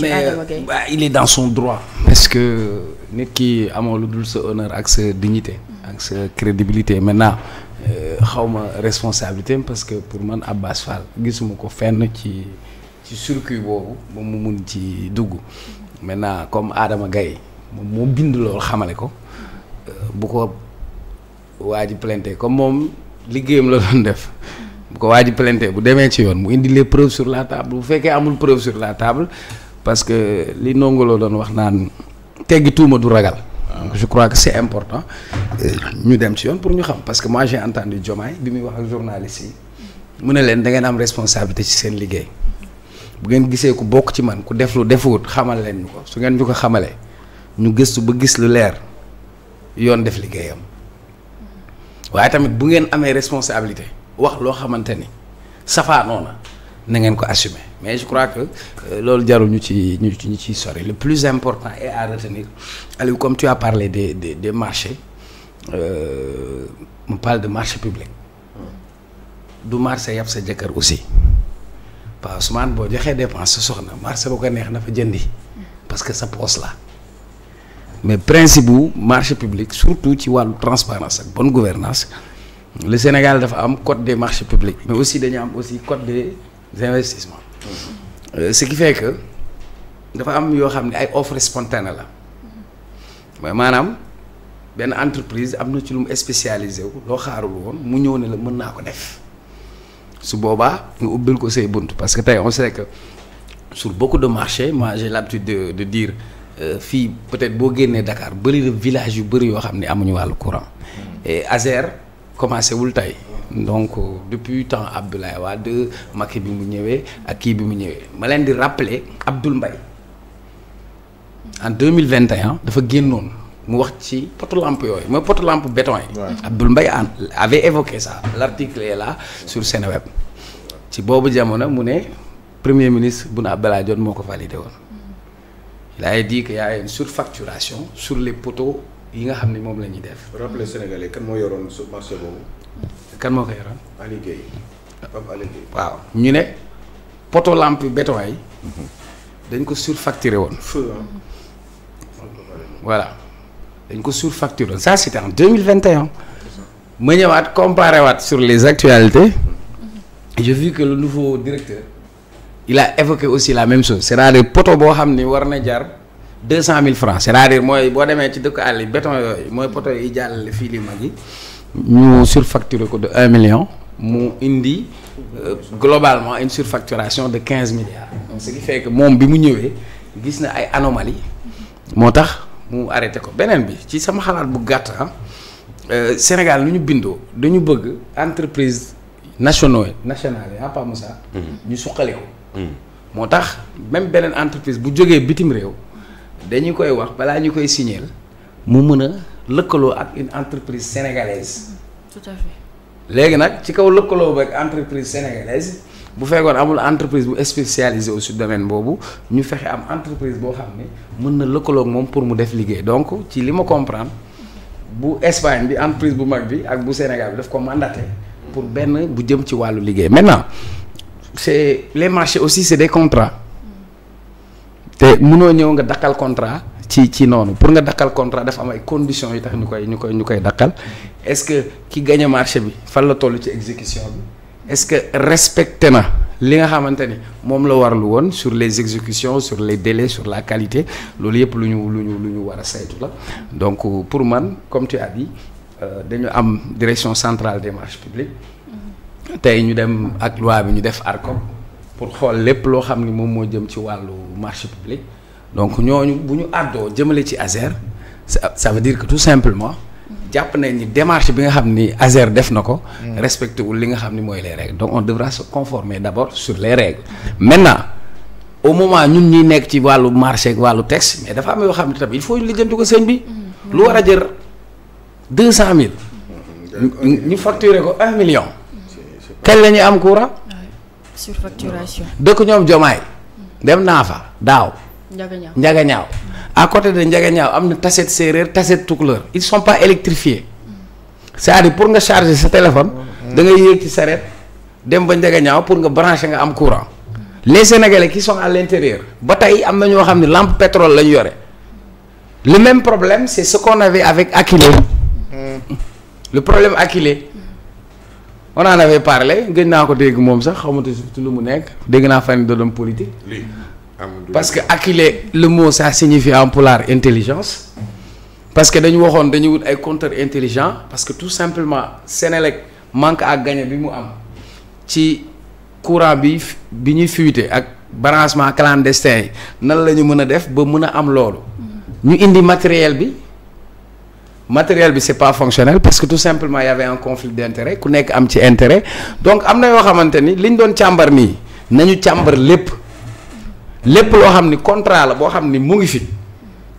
mais euh, bah, il est dans son droit parce que nit ki amoon lu dul sa honneur ak sa dignité ak sa crédibilité maintenant euh, xawma euh, responsabilité parce que pour man ab Fall gisuma ko fenn ci ci circuit boobu ba mu mun ci dugg maintenant comme aadama Gaye moom moo bind loolu xamale ko euh, bu ko waa ji plainte comme moom liggéeyam la doon def bu ko waa ji plainte bu demee ci yoon mu indi les preuves sur la table bu fekkee amul preuve sur la table parce que li nongoloo doon wax naan teggi tuuma du ragal. Ah. je crois que c' est important euh, ñu dem ci yoon pour ñu xam parce que moi j'ai entendu bi muy wax ak journaliste yi mu ne leen da ngeen am responsabilité ci seen liggéey bu ngeen gisee ku bokk ci man ku def lu defuwut xamal leen ñu ko su ngeen ñu ko xamalee ñu gëstu ba gis lu leer yoon def liggéeyam waaye tamit bu ngeen amee responsabilité wax loo xamante ni safaanoo na ngeen ko assumer. mais je crois que euh, loolu jarul ñu ci ñu ci ñu ciy sori le plus important est à retenir Aliou comme tu as de de des des marchés euh, de marché public du marché yàpp sa jëkkër aussi waaw Ousmane boo joxee dépense sa soxna marché ba ko neex na jëndi parce que sa la mais principe bu marché public surtout ci wàllu transparence ak bonne gouvernance le Sénégal dafa am code des marchés publics mais aussi dañu am aussi code de investissements Euh, ce qui fait que dafa am yoo xam ne ay offre spontanée la mooy maanaam benn entreprise am na ci lu mu spécialisé wu loo xaarul woon mu ñëw ne la mën naa ko def su boobaa nga ubbil ko say bunt parce que tey on sait que sur beaucoup de marché moi j'ai l'habitude de de dire euh, fii euh, peut-être boo génnee Dakar bëri na village yu bëri yoo xam ni amuñu wàllu courant et Azer commencé wul tey donc depuis temps Abdoulaye Wade makk bi mu ñëwee ak kii bi mu ñëwee ma leen di rappeler Abdoul Mbaye en 2021 dafa génnoon mu wax ci poteau lampe yooyu mooy poteau lampe béton yi. Abdoul Mbaye avait évoqué ça. l'article est là sur Seneweb ci boobu jamono mu ne premier ministre Boun Abdallah Dionne moo ko validé woon il a dit qu'il surfacturation sur les poteaux. yi nga xam ne moom la ñuy def. rappelez Sénégalais kan moo yoroon su marché boobu. kan moo ko yoroon. waaw ñu ne poto lampe béton dañ ko surfacturé woon. voilà dañ ko surfacturé woon ça c'était en deux mille vingt et un ma ñëwaat comparé waat sur les actualités j'ai vu que le nouveau directeur il a évoqué aussi la même chose cest à poto boo xam ni war na jar. deux cent mille francs c'est-à-dire mooy boo demee ci dëkk àll yi béton yooyu mooy poto yi jàllale fii li mag yi ñu surfacturé ko de un million mu indi euh, globalement une surfacturation de quinze milliards donc ce qui moom bi mu ñëwee gis na ay anomalies moo tax mu arrêté ko beneen bi ci sama xalaat bu gàtt ah euh, Sénégal lu ñu bindoo dañu bëgg entreprise nationaux nationale yi ah, pas Moussa mm-hmm. ñu suqali ko mm-hmm. moo tax même beneen entreprise bu jógee bitim réew dañu koy wax balaa ñu koy signer mu mën a lëkkaloo ak une entreprise sénégalaise. tout léegi nag ci kaw lëkkaloo ba ak entreprise sénégalaise bu fekkoon amul entreprise bu spécialisée au sud boobu ñu fexe am entreprise boo xam ne mën na lëkkaloo moom pour mu def liggéey donc ci li ma comprendre bu Espagne bi entreprise bu mag bi ak bu Sénégal bi daf ko mandaté pour benn bu jëm ci wàllu liggéey maintenant c'est les marchés aussi c'est des contrats. te mënoo ñëw nga dakkal contrat ci ci noonu pour nga dakkal contrat dafa am ay conditions yi tax ñu koy ñu koy ñu koy dakkal est-ce que ki gañe marché bi fan la toll ci exécution bi est-ce que respecté na li nga xamante ni moom la warlu woon sur les exécutions sur les délais sur la qualité loolu yëpp lu ñu lu ñu lu ñu war a saytu la donc pour man comme tu yi dit euh, dañu am direction centrale des marchés publics mm-hmm. tey ñu dem ak loi bi ñu def ARCOP pour xool lépp loo xam ni moom moo jëm ci wàllu marché public donc ñooñu bu ñu àddoo jëmale ci ASER ça veut dire que tout simplement jàpp nañ ni démarche bi nga xam ni ASER def na ko mm. respecté wul li nga xam ni mooy les règles donc on devra se conformer d'abord sur les règles maintenant au moment ñun ñuy nekk ci wàllu marché ak wàllu texte mais dafa am yoo xam ne tamit foo faut ñu lijjanti ko sëñ bi mm-hmm. lu war a jër deux cent mille mm-hmm. ñu facturer ko un million kañ la am courant surfacturation. dëkk ñoom Jomaay. dem naa fa daaw. njagañaaw njagañaaw à côté de njagañaaw am na taset séeréer taset tukulóor ils sont pas électrifiés cest à pour nga charger sa téléphone. da ngay yéeg ci saret dem ba njagañaaw pour nga brancher nga am courant. les sénégalais qui sont à l'intérieur ba tey am na ñoo xam ne lamp pétrole la ñu yore lu même problème c'est ce qu'on avait avec Akile. Mm. le problème Akile. on en avait parlé gëj naa ko dégg moom sax xamatu surtout lu mu nekk dégg naa fan doon politique. parce que acculé le mot ça signifie en pulaar intelligence. parce que dañu waxoon dañu wut ay compteur intelligent parce que tout simplement senelek manque ak gagner bi mu am ci courant bi bi ñuy fuité ak branchement clandestin yi nan la ñu mën a def ba mun a am loolu. Mm-hmm. ñu indi matériel bi. matériel bi c'est pas fonctionnel parce que tout simplement y avait un conflit d'intérêt ku nekk am ci intérêt donc am na yoo xamante ni li ñu doon càmbar nii nañu càmbar lépp lépp loo xam ni contrat la boo xam ni mu ngi fi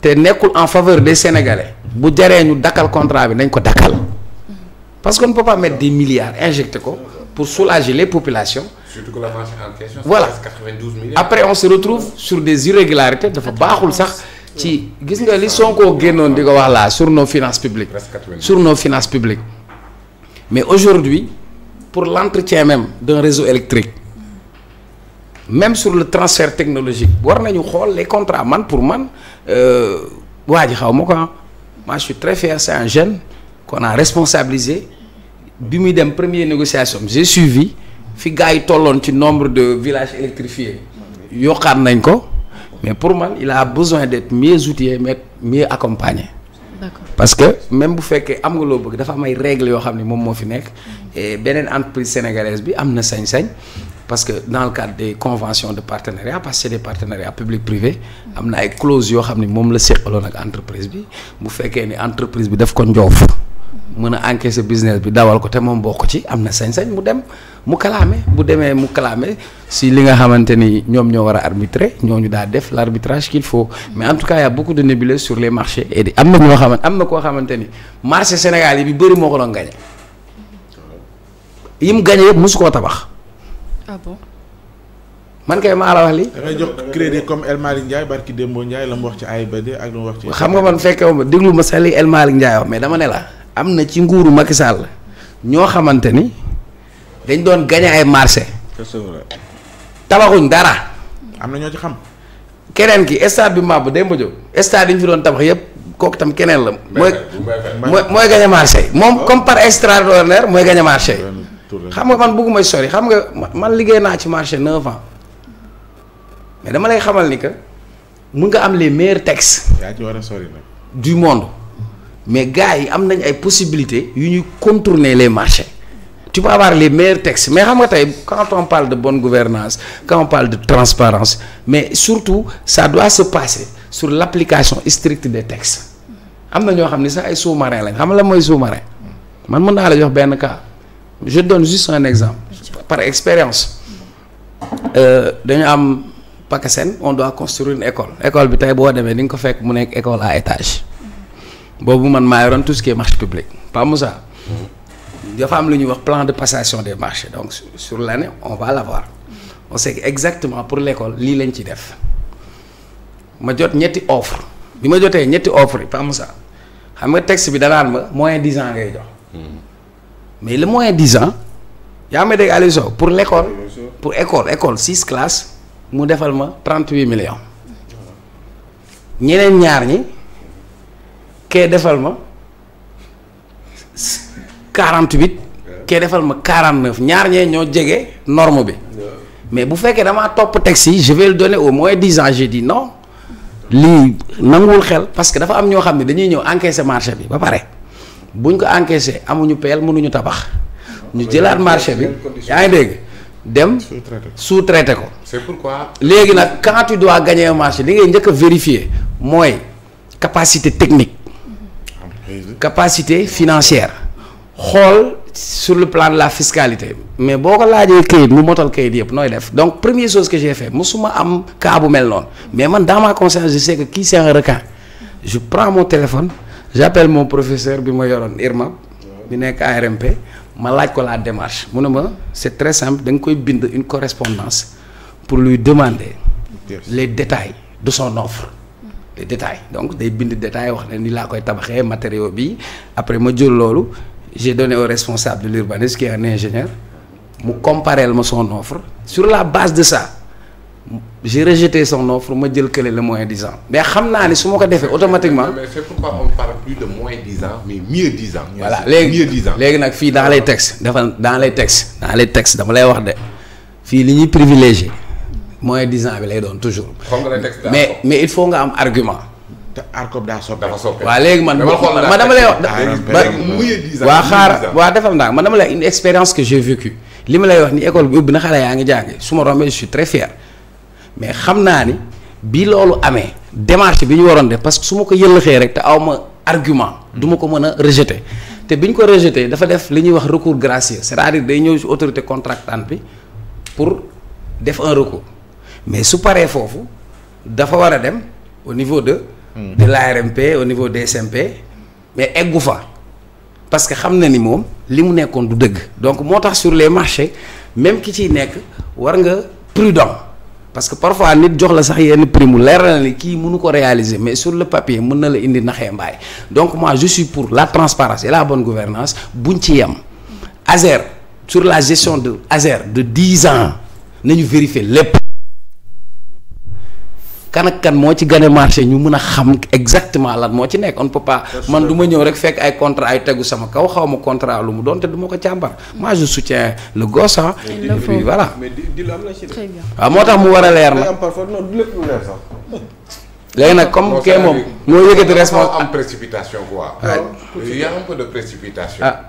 te nekkul en faveur des sénégalais bu jaree ñu dakkal contrat bi nañ ko dakkal parce que ne peut pas mettre des milliards injecté ko pour soulager les populations. surtout que la après on se retrouve sur des irrégularités dafa baaxul sax. ci gis nga li koo génnoon di ko wax laa sur nos finances publiques sur nos finances publiques mais aujourd'hui pour l'entretien même d'un réseau électrique même sur le transfert technologique war nañu xool les contrats man pour man euh, waa ji xaw ma ko ah. moi je suis très fier c'est un jeune qu'on a responsabilisé bi muy dem première négociation j'ai suivi fi gars yi tolloon ci nombre de villages électrifiés yokkaat nañ ko mais pour man il a besoin d'être mieux outillé mais mieux accompagné. parce que même bu fekkee am nga loo bëgg dafa am ay règles yoo xam ne moom moo fi nekk. Mm. et beneen entreprise sénégalaise bi am na sañ-sañ. parce que dans le cadre des conventions de partenariat parce que c'est des partenariats public privé mm. am na ay clauses yoo xam ne moom la seqaloon ak entreprise bi bu fekkee ne entreprise bi daf ko njoof. mën a encaisser business bi dawal ko te moom bokk ci am na sañ-sañ mu dem mu kalaame bu demee mu kalaame si li nga xamante ni ñoom ñoo war a arbitrer ñooñu daa def l' arbitrage qu'il faut mais en tout cas y' a beaucoup de nébuleuses sur les marchés et am na am na koo xamante ni marché Sénégal yi bi bëri moo ko doon gañe mu gañe yëpp mosu koo tabax. ah bon. man kay maa la wax li da ngay jox xam nga man fekkee ma déglu ma sa li El wax mais dama ne la. am na ci nguuru Macky la ñoo xamante ni dañ doon gañe ay marché tabaxuñ dara. am na ñoo ci xam. keneen ki stade bi màbb démb jóg stade yi ñu fi doon tabax yëpp kooku tam keneen la. mooy mooy mooy gañe marché moom oh. comme par extraordinaire mooy gañe marché xam nga man bëgguma sori xam nga man liggéey naa ci marché neuf ans mais dama lay xamal ni que mun nga am les meilleurs textes. yaa ci du monde. mais gars yi am nañ ay possibilités yu ñuy contourner les marchés tu peux avoir les meilleurs textes mais xam nga tey quand on parle de bon gouvernance quand on parle de transparence mais surtout ça doit se passer sur l'application stricte de textes am na ñoo xam ne sa ay sous-marin lañ xam la mooy sous-marin man mën naa la jox benn cas je donne juste un exemple par expérience euh, dañu euh, am PACASEN on doit construire une école école bi tey boo demee di nga ko fekk mu nekk école à étage boobu man maa yoroon tout marché public Pa Moussa dafa am lu ñuy wax plan de passation des marché donc sur l'année on va l'avoir on sait exactement pour l'école lii lañ ci def ma jot ñetti offre bi ma jotee ñetti offre yi Pa Moussa xam nga texte bi danaan ma moyen dix ans ngay jox mais le moyen dix ans yaa ma dégg Aliou pour l'école pour école école six classes mu defal ma trente huit millions ñeneen ñaar ñi kee defal ma 48. kee defal ma 49 ñaar ñee ñoo jege norme bi. mais bu fekkee damaa topp teg si je vais donner au moins 10 ans j'ai dit non. lii nanguwul xel parce que dafa am ñoo xam ne dañuy ñëw encaisser marché bi ba pare buñ ko encaisser amuñu peel mënuñu tabax ñu jëlaat marché bi yaa ngi dégg dem sous-traité ko c'est pourquoi léegi nag quand tu dois gagner un li ngay njëkk a vérifier mooy capacité technique capacité financière xool sur le plan de la fiscalité mais boo ko laajee kayit mu motal kayit yëpp nooy def donc première chose que j'ai fait musuma am cas bu mel noonu mais man dans ma conscience je sais que kii c'est un requin je prends mon téléphone j'appelle mon professeur bi ma yoroon IRMAP bi nekk ARMP ma laaj ko la démarche mu ne ma c'est très simple da nga koy bind une correspondance pour lui demander les détails de son offre les détails donc day bind détail wax ne ni laa koy tabaxee matériaux bi après ma jël loolu j'ai donné au responsable de l'urbanisme qui est un ingénieur mu compareel ma son offre sur la base de ça j'ai rejeté son offre ma jël kële le moins an mais xam naa ni su ma ko defee automatiquement. mais c'est pourquoi on parle voilà léegi mieux léegi nag fii dans lay textes dafa dans lay textes dans les textes dama lay wax de fii li ñuy privilégié. moins dix ans lay doon toujours. mais mais il faut nga am argument. te ARCOP daa soppeeku. waaw léegi man man dama lay wax. waa xaar waa defal naa man dama lay une expérience que j'ai vécu li ma lay wax ni école bi ubbi na xale yaa ngi jàngi su ma rombee je suis mais xam naa ni bi loolu amee démarche bi ñu waroon def parce que su ma ko yëllëxee rek te aw ma argument duma ko mën a rejeter te bi ñu ko rejeter dafa def li ñuy wax recours gracieux c'est-à-dire day ñëw ci autorité contractante bi pour def en recours. mais su paree foofu dafa war a dem au niveau de. Hmm. de la l'ARMP au niveau des SMP mais eggu fa parce que xam na ni moom li mu nekkoon du dëgg. donc moo tax sur les marchés même ki ciy nekk war nga prudent parce que parfois nit jox la sax yenn prix mu leer na ni kii mënu ko réaliser mais sur le papier mën na la indi naxee mbaay donc moi pour la transparence et la bon gouvernance bu buñ ci yem ASER sur la gestion de ASER de dix ans nañu vérifier lépp. kan kan moo ci gane marché ñu mën a xam exactement lan moo ci nekk on peut man duma ñëw rek fekk ay contrat ay tegu sama kaw xaw ma contrat lu mu doon te du ko càmbar moi je soutiens le gosse ah puis voilà waaw moo tax mu war a leer na léegi nag comme kee moom moo yëkkati responsable am précipitation quoi il ah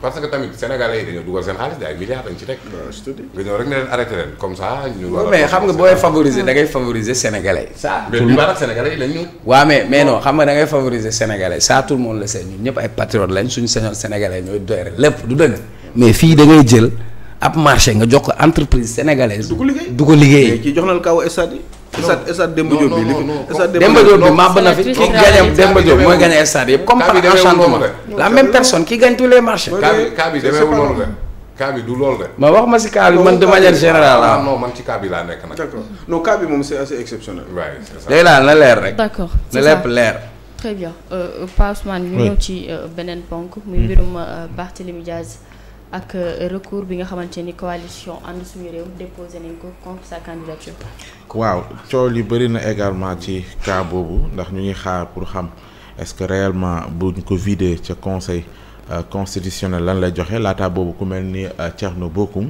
parce que tamit sénégalais yi dañoo dugal seen xaalis day milliards dañ ci teg. nga ñëw rek ne leen arrêté leen comme ça. ñu war mais xam nga booy favoriser da ngay favoriser sénégalais. ça ah, mais ñu baax sénégalais yi lañ ñu. waaw mais xam nga da ngay favoriser sénégalais ça tout le monde le sait ñun ñëpp ay patriotes lañ suñu sañoon sénégalais ñooy doy rek lépp du dëgg. mais fii da ngay jël ab marché nga jox ko entreprise sénégalaise. du ko liggéey du liggéey. jox na la kaw stade yi stade stade Demba Diop bi stade Demba na fi ki gagne Demba mooy gagne stade yëpp comme par enchantement la même personne qui gagne tous les marchés cas du loolu de ma wax ma si cas bi man de manière générale ah, ah non man ci cas bi laa nekk nag d'accord bi moom c'est assez exceptionnel na leer rek d'accord na leer très euh, ñu ñëw ci euh, beneen ponk muy hmm. mbirum euh, Barthélémy Diaz ak euh, recours bi nga xamante ni coalition ànd suñu réew déposé nañ ko contre candidature. waaw coow yi bëri na également ci cas boobu ndax ñu ngi xaar pour xam est-ce que réellement buñ ko vidé ca conseil euh, constitutionnel lan lay joxe laata boobu ku mel ni euh, Thierno bokkum